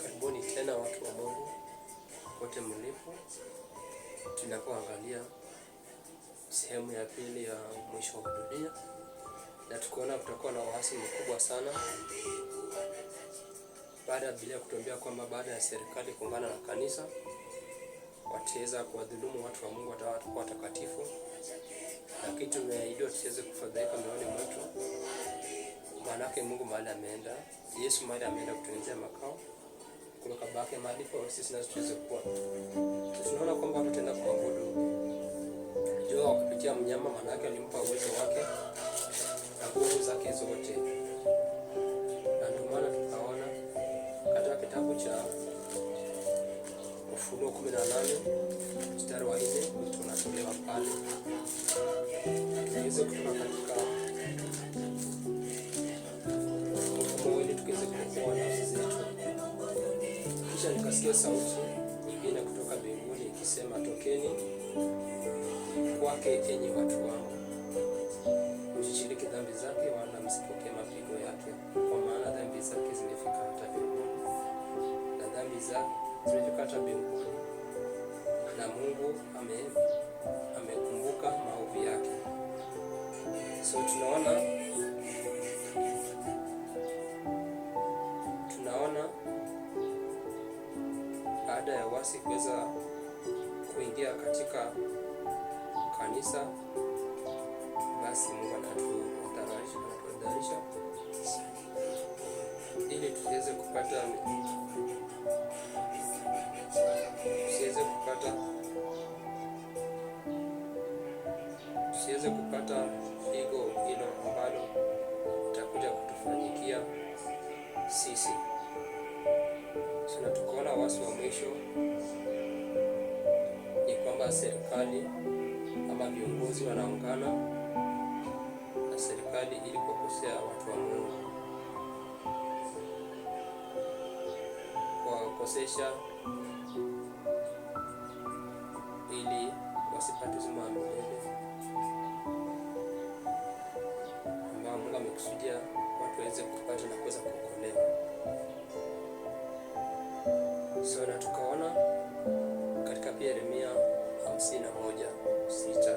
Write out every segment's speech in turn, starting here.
Karibuni tena watu wa Mungu wote mlipo, tunapoangalia sehemu ya pili ya mwisho wa dunia, na tukiona kutakuwa na uhasi mkubwa sana baada ya Biblia kutuambia kwamba baada ya serikali kuungana na kanisa wataweza kuwadhulumu watu wa Mungu watakuwa watakatifu, lakini tumeahidiwa tusiweze kufadhaika mioyoni mwetu. Maanake Mungu mahali ameenda, Yesu mahali ameenda kutuelezea makao kuweka bake mahali kwa sisi na tuweze kuwa. Tunaona kwamba tutaenda kuabudu Jehova kupitia mnyama, manake alimpa uwezo wake na nguvu zake zote, na ndio maana tukaona katika kitabu cha Ufunuo kumi na nane mstari wa nne tunatolewa pale tukiweze kutoka katika mfumo tukiweze kuona kisha nikasikia sauti nyingine kutoka mbinguni ikisema, tokeni kwake, enyi watu wangu, msishiriki dhambi zake, wala msipokee mapigo yake, kwa maana dhambi zake zimefika hata mbinguni, na dhambi zake zimefika hata mbinguni, na Mungu ame amekumbuka maovu yake. So tunaona baada ya wasi kuweza kuingia katika kanisa, basi Mungu anatutahadharisha ili tusiweze kupata tusiweze kupata tusiweze kupata pigo hilo ambalo utakuja kutufanyikia sisi wasi wa mwisho ni kwamba serikali ama viongozi wanaungana na serikali ili kukosea watu wa Mungu, kuwakosesha ili wasipate uzima wa milele ambao Mungu amekusudia watu waweze kupata na kuweza kuokolewa. na tukaona katika pia Yeremia 51:6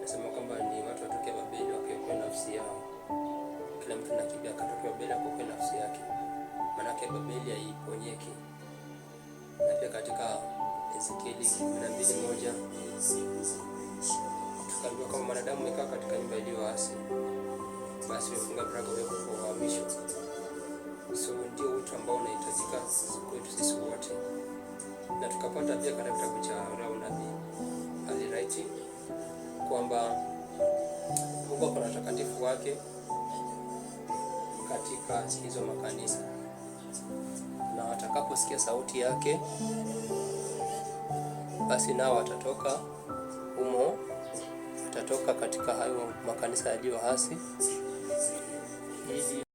nasema kwamba ni watu watokea Babeli wakiokoa nafsi yao, kila mtu nakimbia akatokea Babeli akaokoa nafsi yake, maanake Babeli haiponyeki. Na pia katika Ezekieli 12:1 tukaambiwa kama mwanadamu amekaa katika nyumba iliyoasi, basi umefunga mlango vyako kwa uhamisho. So ndio wito ambao unahitajika kwetu sisi tukapata pia katika kitabu cha Rawnadi aliraiti kwamba Mungu kwa na utakatifu wake katika hizo makanisa, na watakaposikia sauti yake, basi nao watatoka humo, watatoka katika hayo makanisa yaliyo hasi